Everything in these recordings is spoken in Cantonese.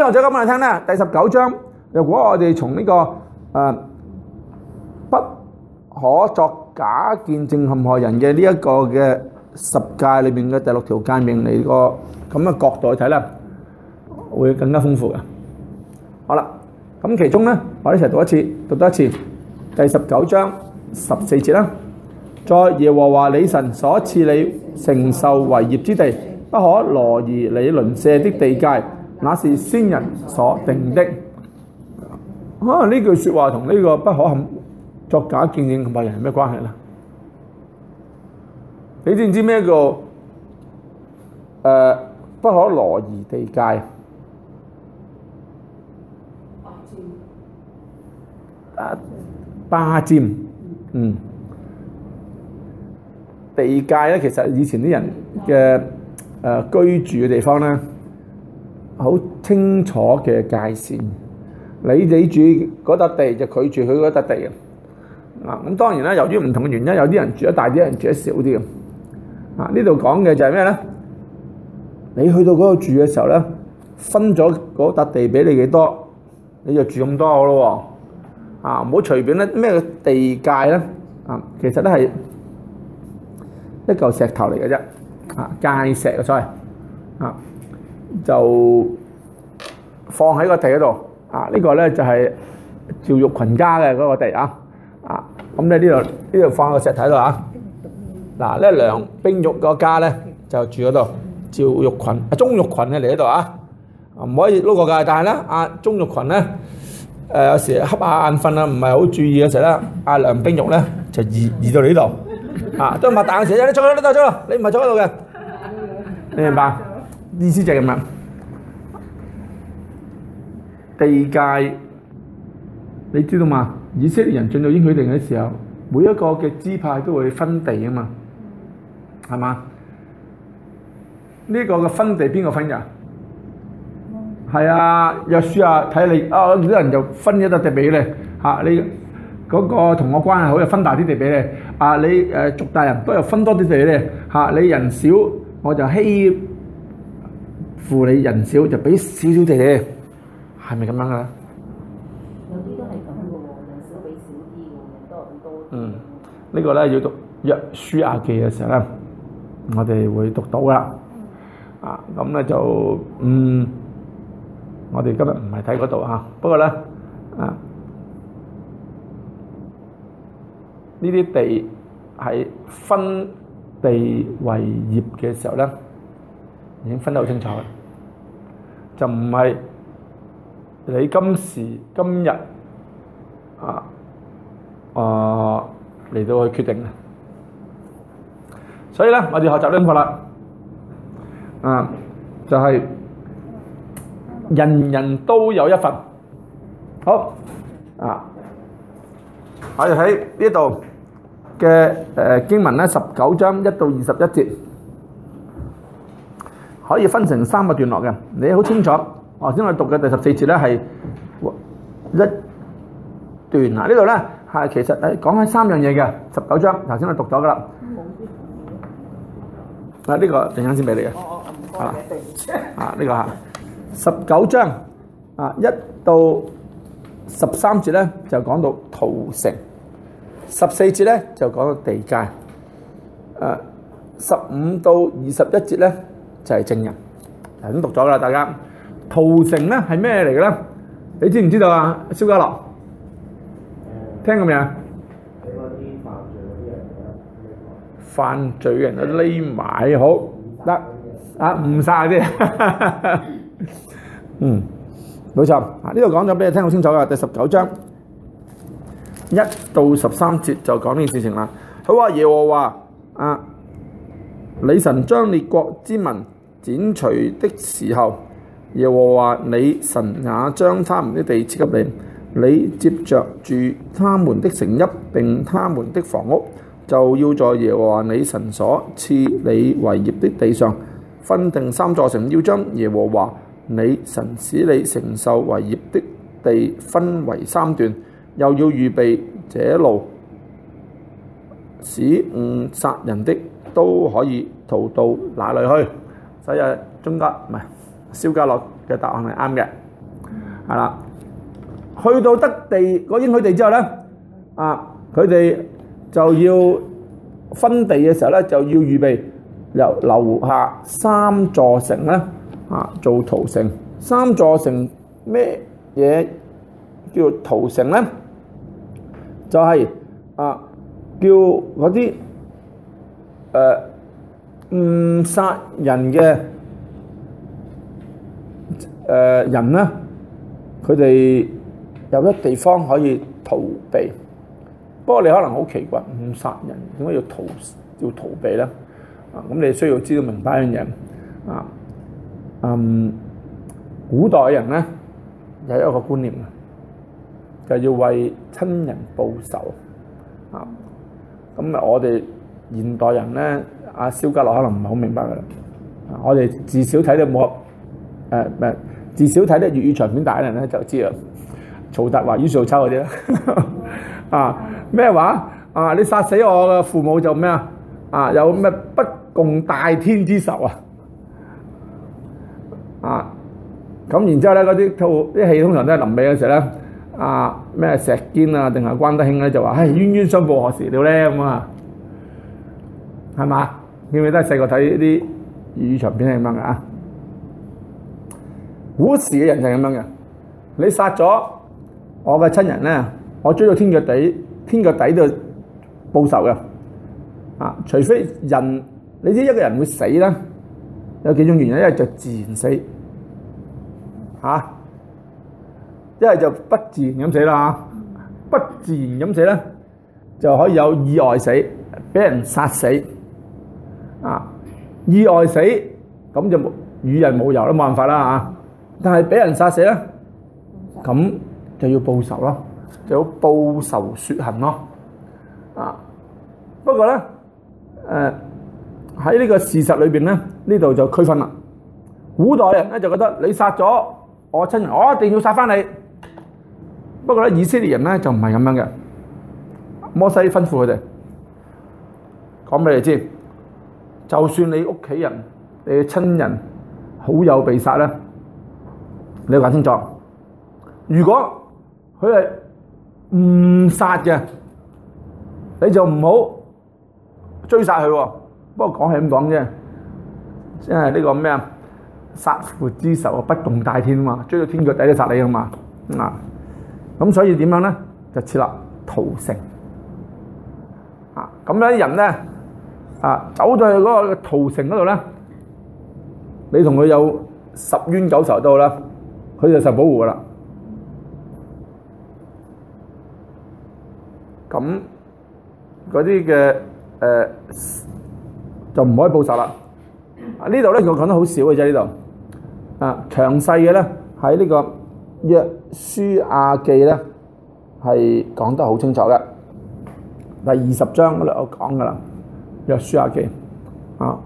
再講俾你聽啦，第十九章，如果我哋從呢個誒不可作假見證陷害人嘅呢一個嘅十誡裏邊嘅第六條誡命嚟個，咁嘅角度去睇咧，會更加豐富嘅。好啦，咁其中咧，我哋一齊讀一次，讀多一次，第十九章十四節啦。在耶和華你神所賜你承受為業之地，不可挪移你鄰舍的地界。那是先人所定的啊！呢句説話同呢個不可陷作假見證同埋人係咩關係啦？你知唔知咩叫誒不可挪移地界？霸佔霸佔嗯，地界咧，其實以前啲人嘅誒居住嘅地方咧。好清楚嘅界線，你你住嗰笪地就佢住佢嗰笪地啊！啊咁當然啦，由於唔同嘅原因，有啲人住得大啲，有人住得少啲嘅。啊呢度講嘅就係咩咧？你去到嗰度住嘅時候咧，分咗嗰笪地俾你幾多，你就住咁多好咯喎！啊唔好隨便咧，咩地界咧？啊其實咧係一嚿石頭嚟嘅啫，啊界石嘅所謂啊！就放喺個地嗰度啊！呢個咧就係趙玉群家嘅嗰個地啊！啊，咁你呢度呢度放個石喺度啊！嗱，咧梁冰玉個家咧就住嗰度，趙玉群啊，鍾玉群咧嚟呢度啊！唔可以撈過㗎，但係咧阿鍾玉群咧誒有時瞌下眼瞓啊，唔係好注意嘅時候咧，阿梁冰玉咧就移移到嚟呢度啊！都擘大眼時，你坐喺度都得坐，你唔係坐喺度嘅，你明白？意思就係噉嘞，地界，你知道嘛？以色列人進入應許地嘅時候，每一個嘅支派都會分地啊嘛，係嘛？呢個嘅分地邊個分呀？係啊，約書亞，睇你啊，啲人就分一笪地俾你。嚇，你嗰個同我關係好就分大啲地俾你。啊，你誒族大人，不如分多啲地俾你。嚇，你人少，我就稀。富你人少就俾少少地你，係咪咁樣噶有啲都係咁噶喎，人少俾少啲，人多俾多。嗯，呢個咧要讀《約書亞記》嘅時候咧，我哋會讀到噶。啊，咁咧就嗯，我哋今日唔係睇嗰度啊。不過咧，啊，呢啲地係分地為業嘅時候咧。已經分得好清楚，就唔係你今時今日啊啊嚟到去決定啦。所以咧，我哋學習呢一課啦，啊，就係人人都有一份。好啊，我哋喺呢度嘅誒經文咧，十九章一到二十一節。可以分成三個段落嘅，你好清楚。我先去讀嘅第十四節咧，係一段嗱。呢度咧係其實係講緊三樣嘢嘅。十九章頭先我讀咗噶啦。啊，呢個陣間先俾你嘅。啊，呢個啊，十九章啊，一到十三節咧就講到屠城，十四節咧就講到地界。誒，十五到二十一節咧。就係證人，係咁讀咗啦，大家屠城咧係咩嚟嘅咧？你知唔知道啊？蕭家樂，聽咁樣？犯罪人都匿埋好得啊，唔曬啲。嗯，老陳啊，呢度講咗俾你聽好清楚噶，第十九章一到十三節就講呢件事情啦。好啊，耶和華啊！你神將列國之民剪除的時候，耶和華你神也將他們的地賜給你。你接著住他們的城邑並他們的房屋，就要在耶和華你神所賜你為業的地上分定三座城，要將耶和華你神使你承受為業的地分為三段，又要預備這路使誤殺人的。都可以逃到哪裏去？所以啊，中格唔係蕭家樂嘅答案係啱嘅，係啦。去到得地個應許地之後咧，啊，佢哋就要分地嘅時候咧，就要預備由留下三座城咧，啊，做逃城。三座城，咩嘢叫逃城咧？就係啊，叫嗰啲。誒，誤殺人嘅誒人咧，佢哋有一地方可以逃避。不過你可能好奇怪，誤殺人點解要逃要逃避咧？啊，咁你需要知道明白一樣嘢，啊，嗯，古代嘅人咧有一個觀念嘅，就要為親人報仇。哦，咁啊，我哋。現代人咧，阿蕭家樂可能唔係好明白㗎。我哋至少睇到冇誒誒，至少睇到粵語長片大啲人咧就知啊。曹達華、于素秋嗰啲啊，咩話啊？你殺死我嘅父母就咩啊？啊有咩不共戴天之仇啊？啊咁然之後咧，嗰啲套啲戲通常都係臨尾嗰時咧，啊咩石堅啊定係關德興咧就話：唉冤冤相報何時了咧？咁啊！係嘛？你記唔記得細個睇啲粵語長片係咁樣嘅啊？古時嘅人就係咁樣嘅。你殺咗我嘅親人咧，我追到天腳底，天腳底度報仇嘅啊！除非人，你知一個人會死啦，有幾種原因？一係就自然死，嚇；一係就不自然咁死啦，嚇！不自然咁死咧，就可以有意外死，俾人殺死。啊！意外死咁就冇與人冇由啦，冇辦法啦啊！但係俾人殺死咧，咁就要報仇咯，就要報仇雪恨咯啊！不過咧，誒喺呢個事實裏邊咧，呢度就區分啦。古代人咧就覺得你殺咗我親人，我一定要殺返你。不過咧，以色列人咧就唔係咁樣嘅。摩西吩咐佢哋講俾你知。就算你屋企人，你嘅親人好友被殺呢。啊，走到去嗰個屠城嗰度咧，你同佢有十冤九仇都好啦，佢就受保護噶啦。咁嗰啲嘅誒就唔可以報仇啦。啊，呢度咧，我講得好少嘅啫，啊這個，呢度啊詳細嘅咧喺呢個約書亞記咧係講得好清楚嘅，第二十章嗰度我講噶啦。有書亞記啊，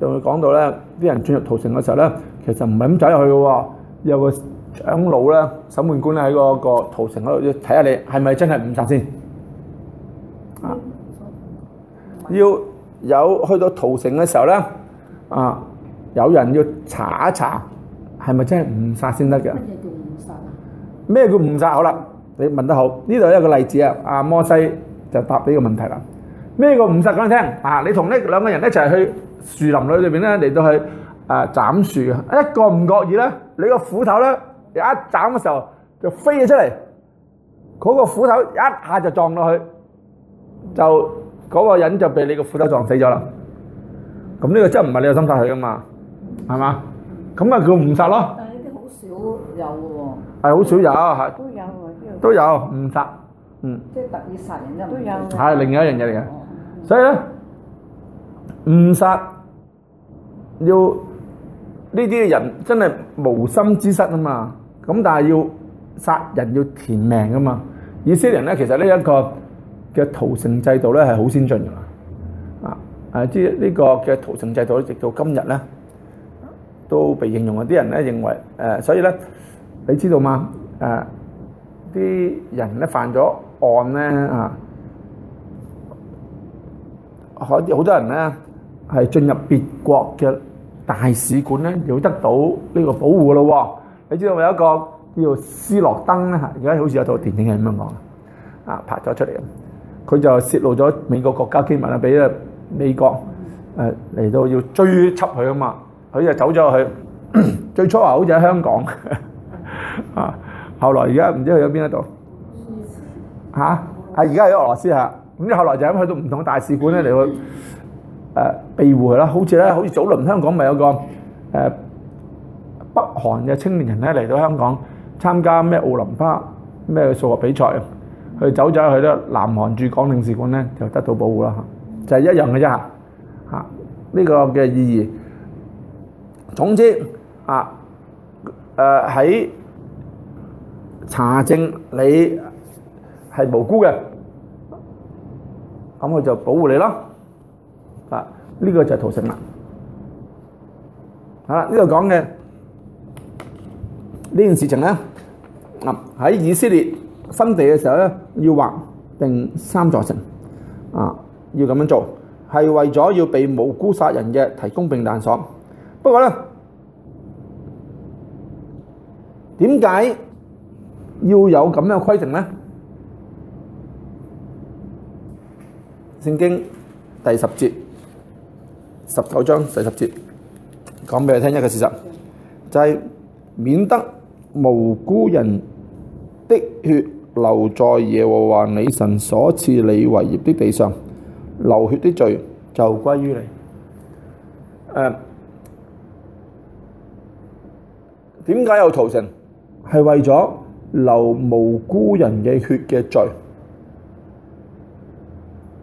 就會講到咧，啲人進入屠城嘅時候咧，其實唔係咁走入去嘅喎，有個長老咧、審判官咧喺嗰個屠城嗰度要睇下你係咪真係誤殺先啊，要有去到屠城嘅時候咧啊，有人要查一查係咪真係誤殺先得嘅。咩叫誤殺啊？咩叫誤殺？好啦，你問得好，呢度一個例子啊，阿摩西就答呢個問題啦。咩個誤殺講你聽？啊，你同呢兩個人一齊去樹林裏裏面咧，嚟到去誒斬樹嘅，一個唔覺意咧，你個斧頭咧一斬嘅時候就飛咗出嚟，嗰個斧頭一下就撞落去，就嗰個人就被你個斧頭撞死咗啦。咁呢個真係唔係你有心殺佢噶嘛？係嘛？咁啊叫誤殺咯。但係呢啲好少有嘅喎。係好少有，係。都有喎，呢個。都有誤殺，嗯。即係特意殺人嘅。都有。係另一樣嘢嚟嘅。所以咧，誤殺要呢啲嘅人真係無心之失啊嘛！咁但係要殺人要填命啊嘛！以色列人咧，其實呢一個嘅逃城制度咧係好先進嘅，啊啊！即係呢個嘅逃城制度直到今日咧都被形容。啊！啲人咧認為誒，所以咧，你知道嘛，誒，啲人咧犯咗案咧啊！好好多人咧，係進入別國嘅大使館咧，要得到呢個保護咯喎、哦。你知道咪有一個叫做斯諾登咧嚇？而家好似有套電影係咁樣講，啊拍咗出嚟，佢就泄露咗美國國家機密啊，俾咧美國誒嚟到要追緝佢啊嘛。佢就走咗去，最初啊好似喺香港呵呵啊，後來而家唔知去咗邊一度嚇，啊而家喺俄羅斯嚇。咁你後來就咁去到唔同嘅大使館咧嚟去誒庇護佢啦，好似咧，好似早輪香港咪有個誒北韓嘅青年人咧嚟到香港參加咩奧林匹咩數學比賽啊，佢走走去咗南韓駐港領事館咧就得到保護啦，就係一樣嘅啫嚇，嚇呢個嘅意義。總之啊，誒喺查證你係無辜嘅。咁我就保護你咯，啊！呢個就係逃城啦。啊！呢度講嘅呢件事情咧，啊喺以色列分地嘅時候咧，要劃定三座城，啊要咁樣做，係為咗要俾無辜殺人嘅提供避難所。不過咧，點解要有咁樣規定咧？聖經第十節十九章第十節講俾你聽一個事實，就係、是、免得無辜人的血流在耶和華你神所賜你為業的地上，流血的罪就歸於你。誒、啊，點解有屠城？係為咗流無辜人嘅血嘅罪。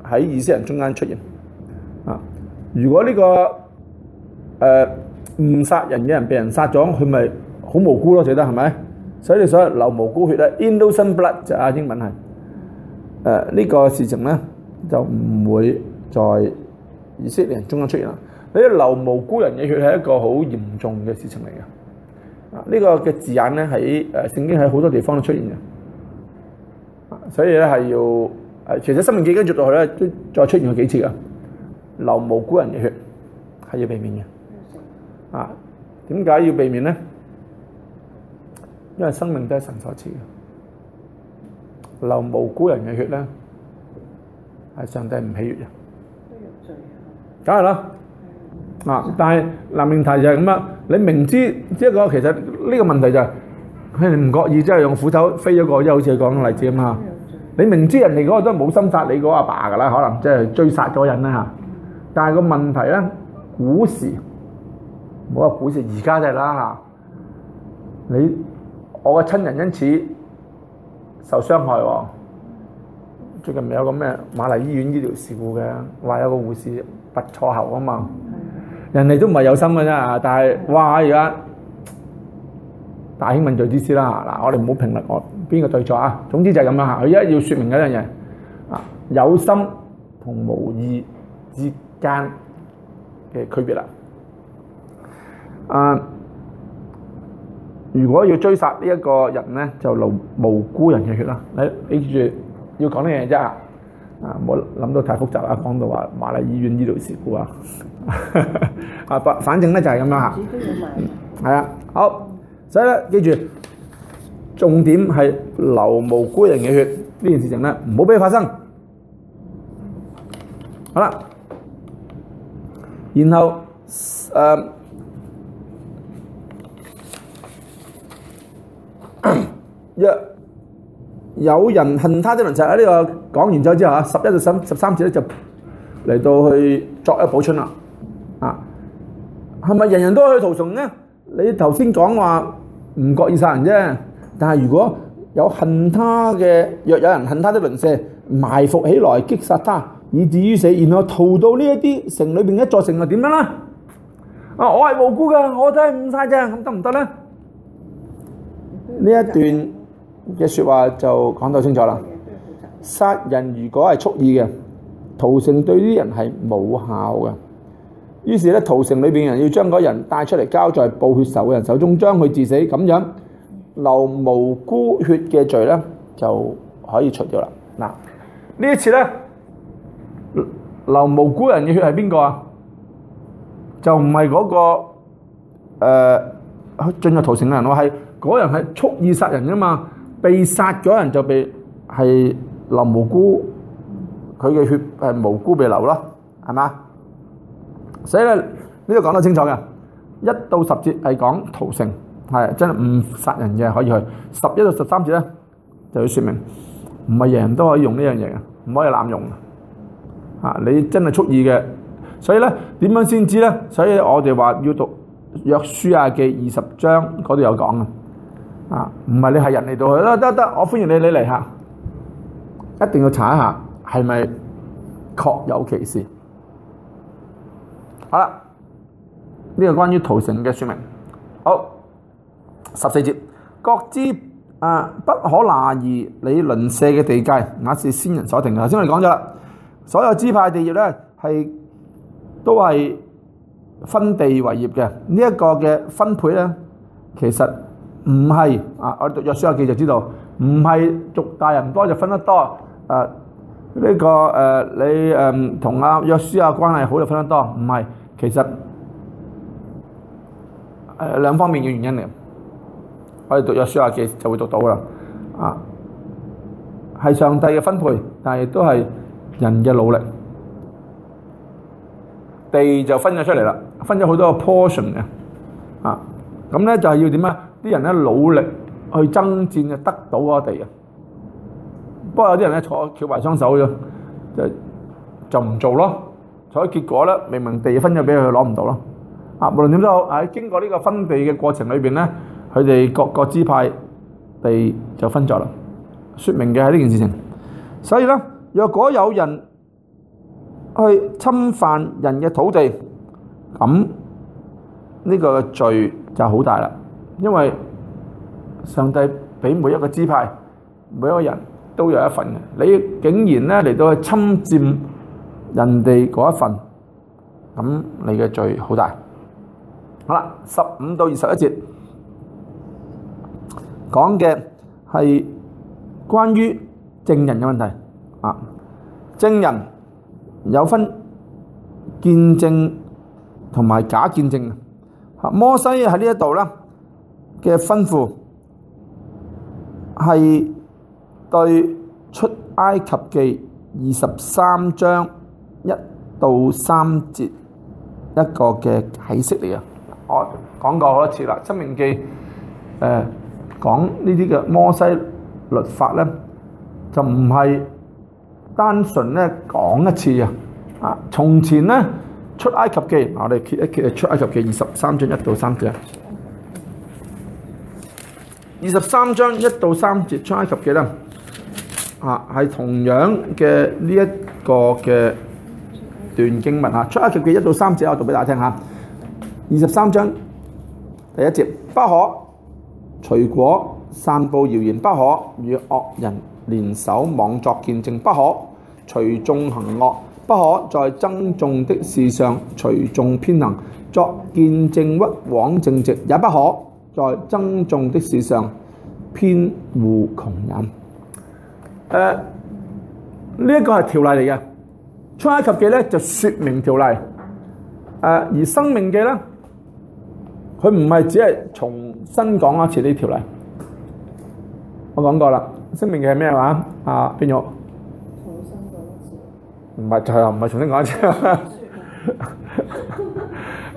喺以色列人中間出現啊！如果呢個誒誤殺人嘅人被人殺咗，佢咪好無辜咯？寫得係咪？所以你所謂流無辜血咧，innocent blood 就啊！英文係誒呢個事情咧，就唔會在以色列人中間出現啦。呢流無辜人嘅血係一個好嚴重嘅事情嚟嘅啊！呢、呢個嘅字眼咧喺誒聖經喺好多地方都出現嘅、啊，所以咧係要。誒，其實生命繼續落去咧，都再出現過幾次啊！流無辜人嘅血係要避免嘅。啊，點解要避免咧？因為生命都係神所賜嘅，流無辜人嘅血咧係上帝唔喜悅嘅。梗係啦。啊，但係嗱，問題就係咁啊！你明知即係個其實呢個問題就係佢哋唔覺意，即係用斧頭飛咗過，即好似講例子咁啊！你明知人哋嗰個都冇心殺你個阿爸噶啦，可能即係追殺咗人啦嚇。但係個問題咧，古時冇話古時而家就係啦嚇。你我個親人因此受傷害喎。最近咪有個咩瑪麗醫院醫療事故嘅，話有個護士拔錯喉啊嘛。人哋都唔係有心嘅啫啊！但係哇，而家大興問罪之師啦嚇。嗱，我哋唔好評論我。邊個對錯啊？總之就係咁樣嚇，而家要說明一樣嘢，啊有心同無意之間嘅區別啦。啊，如果要追殺呢一個人咧，就流無辜人嘅血啦。你、啊、記住要講呢樣嘢啫嚇，啊唔好諗到太複雜啦，講到話瑪麗醫院醫療事故啊。嗯、 啊不，反正咧就係咁樣嚇。係啊，嗯、啊，好，所以咧記住。重點係流無辜人嘅血呢件事情咧，唔好俾佢發生。好啦，然後誒，若有人恨他的人，就喺呢個講完咗之後啊，十一到十十三節咧，就嚟到去作一補充啦。啊，係咪人人都可以逃城咧？你頭先講話唔覺意殺人啫。但係，如果有恨他嘅，若有人恨他的鄰舍，埋伏起來擊殺他，以至於死，然後逃到呢一啲城裏邊一座城，又點樣呢？啊，我係無辜噶，我真係誤殺咋，咁得唔得呢？呢一段嘅説話就講到清楚啦。殺人如果係蓄意嘅，屠城對於人係冇效嘅。於是咧，屠城裏邊嘅人要將嗰人帶出嚟，交在報血仇嘅人手中，將佢致死，咁樣。流無辜血嘅罪呢，就可以除掉啦。嗱，呢一次呢，流無辜人嘅血係邊個啊？就唔係嗰個誒呃、進入屠城嘅人，我係嗰人係蓄意殺人噶嘛，被殺咗人就被係流無辜佢嘅血係無辜被流啦，係嘛？所以呢度講得清楚嘅，一到十節係講屠城。係真係唔殺人嘅，可以去十一到十三節咧，就要説明唔係人人都可以用呢樣嘢嘅，唔可以濫用啊！你真係蓄意嘅，所以咧點樣先知咧？所以我哋話要讀約書亞記二十章嗰度有講啊！唔係你係人嚟到，去，得得得，我歡迎你，你嚟吓，一定要查一下係咪確有其事？好啦，呢個關於屠城嘅説明。十四節，各支啊不可挪移你鄰舍嘅地界，那是先人所定嘅。頭先我哋講咗啦，所有支派地業咧係都係分地為業嘅。呢、這、一個嘅分配咧，其實唔係啊！我讀約書亞記者就知道，唔係族大人多就分得多。誒、呃、呢、這個誒、呃、你誒同阿約書亞關係好就分得多，唔係其實誒兩、呃、方面嘅原因嚟。我哋讀約書亞記就會讀到啦，啊，係上帝嘅分配，但係亦都係人嘅努力，地就分咗出嚟啦，分咗好多個 portion 嘅，啊，咁、嗯、咧就係、是、要點啊？啲人咧努力去爭戰就得到嗰地啊，不過有啲人咧坐翹埋雙手咗，就就唔做咯，所以結果咧明明地分咗俾佢攞唔到咯，啊，無論點都好，喺經過呢個分地嘅過程裏邊咧。佢哋各個支派被就分咗啦，說明嘅係呢件事情。所以咧，若果有人去侵犯人嘅土地，咁呢個罪就好大啦。因為上帝俾每一個支派、每一個人都有一份嘅，你竟然咧嚟到去侵佔人哋嗰一份，咁你嘅罪好大。好啦，十五到二十一節。講嘅係關於證人嘅問題，啊，證人有分見證同埋假見證，啊、摩西喺呢一度啦嘅吩咐係對出埃及記二十三章一到三節一個嘅解釋嚟啊！我講過好多次啦，《申命記》誒、呃。講呢啲嘅摩西律法咧，就唔係單純咧講一次啊！啊，從前咧出、啊、出埃及記，我哋揭一揭出埃及記二十三章一到三節。二十三章一到三節出埃及記咧，啊，係同樣嘅呢一個嘅段經文啊。出埃及記一到三節，我讀俾大家聽吓。二十三章第一節，不可。隨果散布謠言不可，與惡人聯手妄作見證不可；隨眾行惡不可，在增重的事上隨眾偏行作見證屈枉正直也不可，在增重的事上偏護窮人。誒、呃，這個、條呢一個係條例嚟嘅，《出埃及記》咧就説明條例，誒、呃、而《申命記》咧，佢唔係只係從。新講一次呢條例，我講過啦。聲明嘅係咩話？啊，邊個？重新講一次。唔係，就係，唔係重新講一次。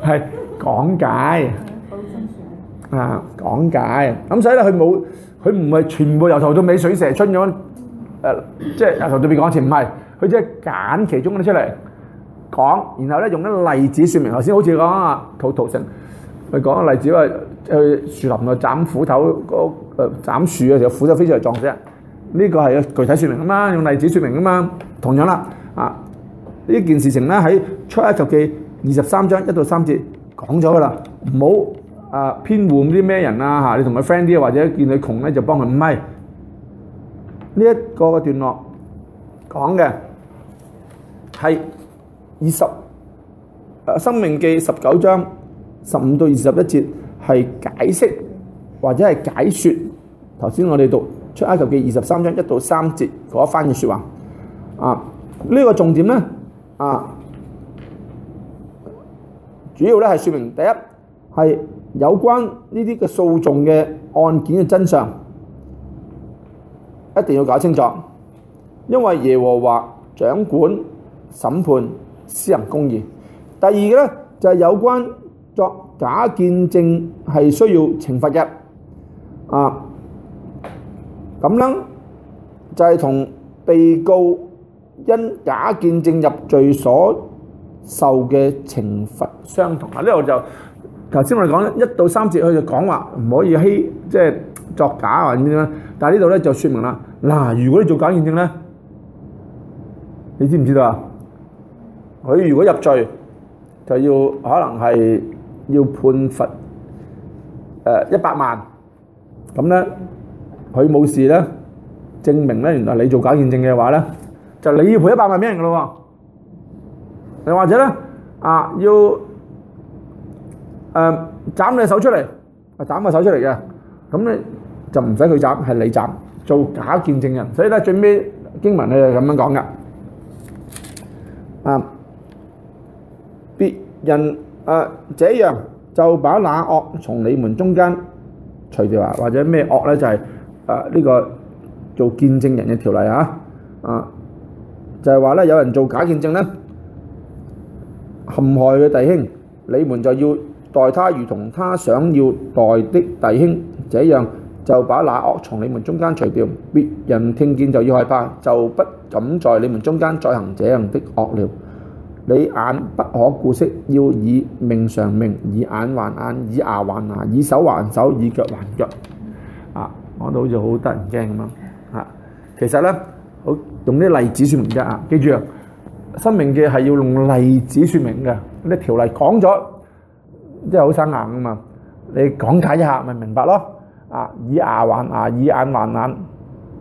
係講解。講新書。啊，講解。咁所以咧，佢冇，佢唔係全部由頭到尾水蛇春咁。誒，即係由頭到尾講一次，唔係。佢即係揀其中嗰啲出嚟講，然後咧用啲例子説明。頭先好似講啊，土土性。佢講個例子話，去樹林內斬斧頭，個誒斬樹嘅時候，斧頭非常之壯啫。呢個係具體説明啊嘛，用例子説明啊嘛。同樣啦，啊呢件事情咧喺《出埃及記》二十三章一到三節講咗噶啦。唔好啊偏護啲咩人啊，你同佢 friend 啲，或者見佢窮咧就幫佢五米。呢、這、一個段落講嘅係二十《申命記》十九章。十五到二十一節係解釋或者係解説，頭先我哋讀出埃及記二十三章一到三節嗰一番嘅説話啊。呢個重點咧啊，主要咧係説明第一係有關呢啲嘅訴訟嘅案件嘅真相，一定要搞清楚，因為耶和華掌管審判，施行公義。第二嘅咧就係有關。作假見證係需要懲罰嘅，啊，咁咧就係同被告因假見證入罪所受嘅懲罰相同。啊，呢度就頭先我哋講一到三節，佢就講話唔可以欺，即係作假或者點樣。但係呢度咧就説明啦，嗱，如果你做假見證咧，你知唔知道啊？佢如果入罪，就要可能係。要判罰誒一百萬，咁咧佢冇事咧，證明咧原來你做假見證嘅話咧，就你要賠一百萬俾人噶咯喎，又或者咧啊要誒斬你隻手出嚟，斬個手出嚟嘅，咁咧就唔使佢斬，係你斬做假見證人，所以咧最尾經文咧係咁樣講噶，啊必因。誒、啊，這樣就把那惡從你們中間除掉啊！或者咩惡呢？就係誒呢個做見證人嘅條例啊！啊，就係話咧，有人做假見證咧，陷害佢弟兄，你們就要待他如同他想要待的弟兄。這樣就把那惡從你們中間除掉，別人聽見就要害怕，就不敢在你們中間再行這樣的惡了。你眼不可顧惜，要以命償命，以眼還眼，以牙還牙，以手還手，以腳還腳。啊，我睇到好似好得人驚咁樣。啊，其實咧，我用啲例子説明啊，記住，申命記係要用例子説明嘅。啲條例講咗，即係好生硬啊嘛。你講解一下咪明白咯。啊，以牙還牙，以眼還眼，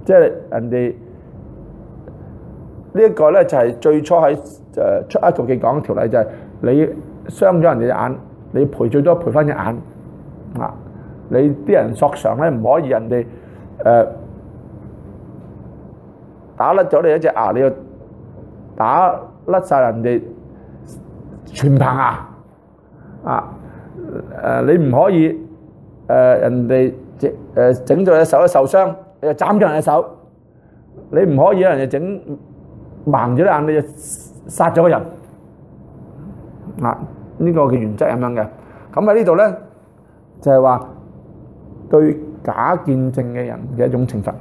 即係人哋。呢一個咧，就係最初喺誒出埃及記講條例，就係你傷咗人哋隻眼，你賠最多賠翻隻眼啊！你啲人索償咧唔可以人哋誒打甩咗你一隻牙，你要打甩曬人哋全棚牙啊！誒你唔可以誒人哋整誒整咗隻手受傷，你又斬咗人隻手，你唔可以有人哋整。盲咗眼，你就殺咗個人啊！呢個嘅原則咁樣嘅。咁喺呢度咧，就係話對假見證嘅人嘅一種懲罰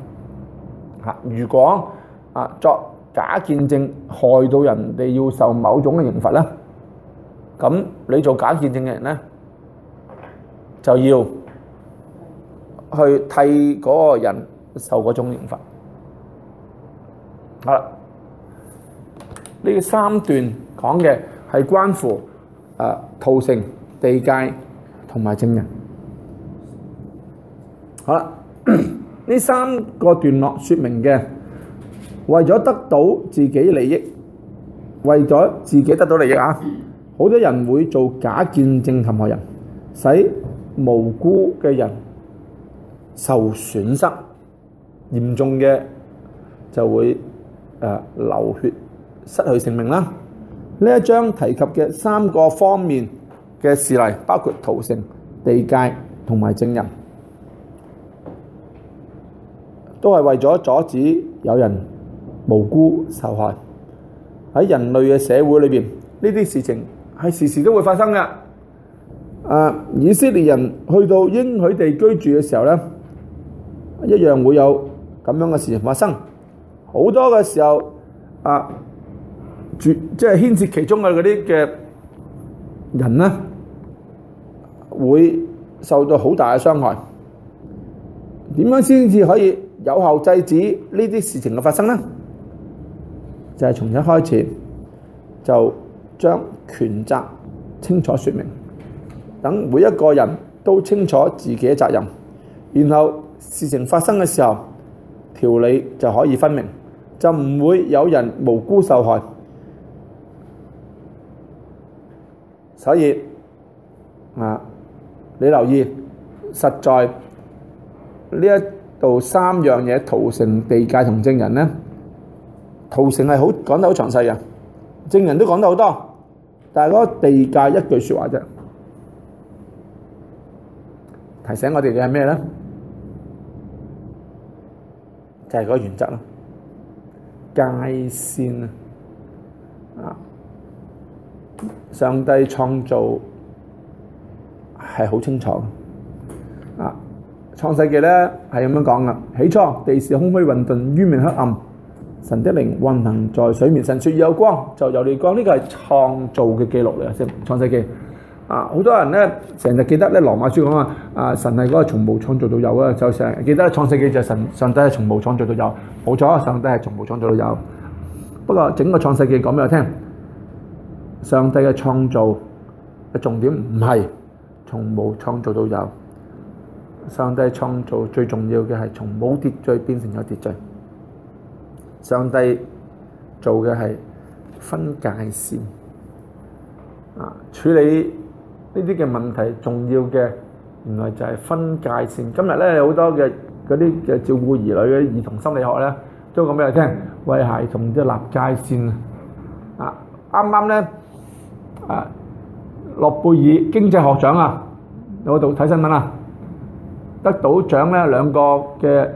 吓。如果啊作假見證害到人哋，要受某種嘅刑罰啦，咁你做假見證嘅人咧就要去替嗰個人受嗰種刑罰。好啦。呢三段講嘅係關乎啊逃城、地界同埋證人。好啦，呢三個段落説明嘅，為咗得到自己利益，為咗自己得到利益啊，好多人會做假見證任何人，使無辜嘅人受損失，嚴重嘅就會誒流血。失去性命啦！呢一章提及嘅三個方面嘅事例，包括屠城、地界同埋證人，都係為咗阻止有人無辜受害。喺人類嘅社會裏邊，呢啲事情係時時都會發生㗎。啊，以色列人去到應許地居住嘅時候咧，一樣會有咁樣嘅事情發生。好多嘅時候，啊～即係牽涉其中嘅嗰啲嘅人呢，會受到好大嘅傷害。點樣先至可以有效制止呢啲事情嘅發生呢？就係從一開始就將權責清楚説明，等每一個人都清楚自己嘅責任，然後事情發生嘅時候，條理就可以分明，就唔會有人無辜受害。所以啊，你留意，實在呢一度三樣嘢，屠城、地界同證人呢，屠城係好講得好詳細嘅，證人都講得好多，但係嗰地界一句説話啫，提醒我哋嘅係咩咧？就係、是、嗰個原則咯，界線啊！上帝創造係好清楚嘅，啊，創世記咧係咁樣講嘅。起初，地是空虛混沌，淵面黑暗。神的靈運行在水面。神說：有光，就有光。呢個係創造嘅記錄嚟嘅，創世記。啊，好多人咧成日記得咧羅馬書講啊，啊神係嗰個從無創造到有啊，就成日記得創世記就係神，上帝係從無創造到有，冇錯，上帝係從無創造到有。不過整個創世記講俾我聽。上帝嘅創造嘅重點唔係從冇創造到有，上帝創造最重要嘅係從冇秩序變成有秩序。上帝做嘅係分界線啊，處理呢啲嘅問題重要嘅，原來就係分界線。今日咧好多嘅嗰啲嘅照顧兒女嘅兒童心理學咧，都講俾你聽，為孩童即係立界線啊！啱啱咧。啊！諾貝爾經濟學獎啊！有冇睇新聞啊，得到獎咧兩個嘅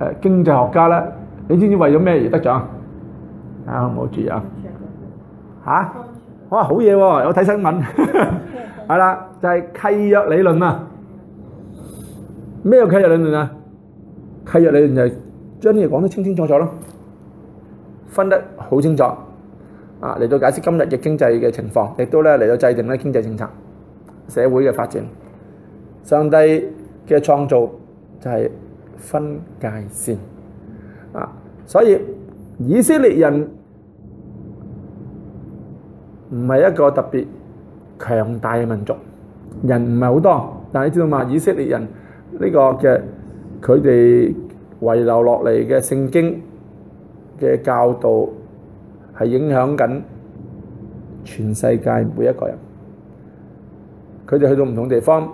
誒經濟學家咧，你知唔知為咗咩而得獎啊？啊，冇注意啊！嚇、啊！哇、啊，好嘢喎、啊！有睇新聞，係 啦、啊，就係、是、契約理論啊！咩叫契約理論啊？契約理論就係將啲嘢講得清清楚楚咯，分得好清楚。啊，嚟到解釋今日嘅經濟嘅情況，亦都咧嚟到制定咧經濟政策、社會嘅發展。上帝嘅創造就係分界線啊！所以以色列人唔係一個特別強大嘅民族，人唔係好多，但係你知道嘛？以色列人呢個嘅佢哋遺留落嚟嘅聖經嘅教導。係影響緊全世界每一個人，佢哋去到唔同地方，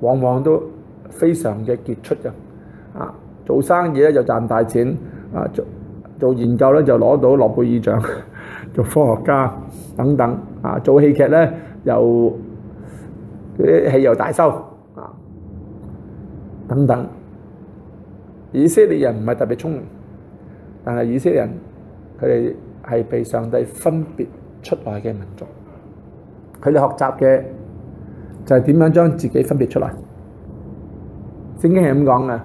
往往都非常嘅傑出嘅。啊，做生意咧就賺大錢，啊，做做研究咧就攞到諾貝爾獎，做科學家等等。啊，做戲劇咧又嗰啲戲又大收啊等等。以色列人唔係特別聰明，但係以色列人佢哋。係被上帝分別出來嘅民族，佢哋學習嘅就係點樣將自己分別出來。聖經係咁講嘅，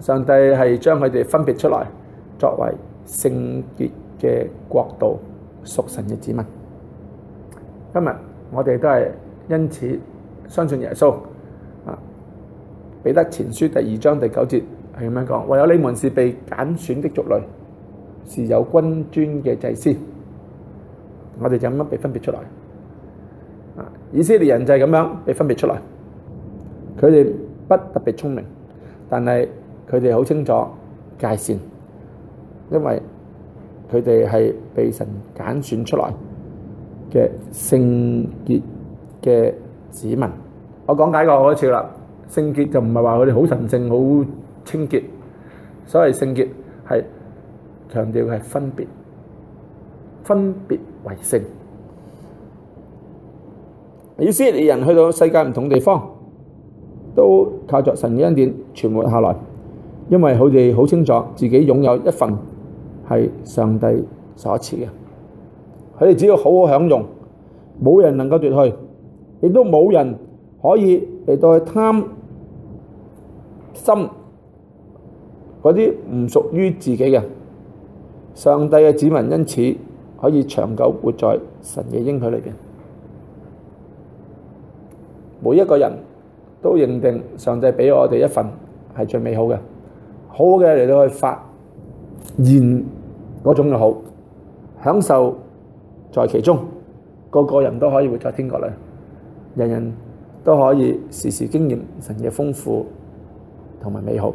上帝係將佢哋分別出來，作為聖潔嘅國度、屬神嘅子民。今日我哋都係因此相信耶穌。啊，彼得前書第二章第九節係咁樣講：唯有你們是被揀選的族類。是有君尊嘅祭司，我哋就咁樣被分別出來。啊，以色列人就係咁樣被分別出來。佢哋不特別聰明，但係佢哋好清楚界線，因為佢哋係被神揀選出來嘅聖潔嘅子民。我講解過好多次啦，聖潔就唔係話佢哋好神聖、好清潔，所謂聖潔係。強調係分別，分別為聖。意思以色列人去到世界唔同地方，都靠着神嘅恩典存活下來，因為佢哋好清楚自己擁有一份係上帝所賜嘅。佢哋只要好好享用，冇人能夠奪去，亦都冇人可以嚟到去貪心，嗰啲唔屬於自己嘅。上帝嘅子民因此可以長久活在神嘅應許裏面。每一個人都認定上帝俾我哋一份係最美好嘅，好嘅嚟到去發現嗰種嘅好，享受在其中。個個人都可以活在天國裏，人人都可以時時經驗神嘅豐富同埋美好。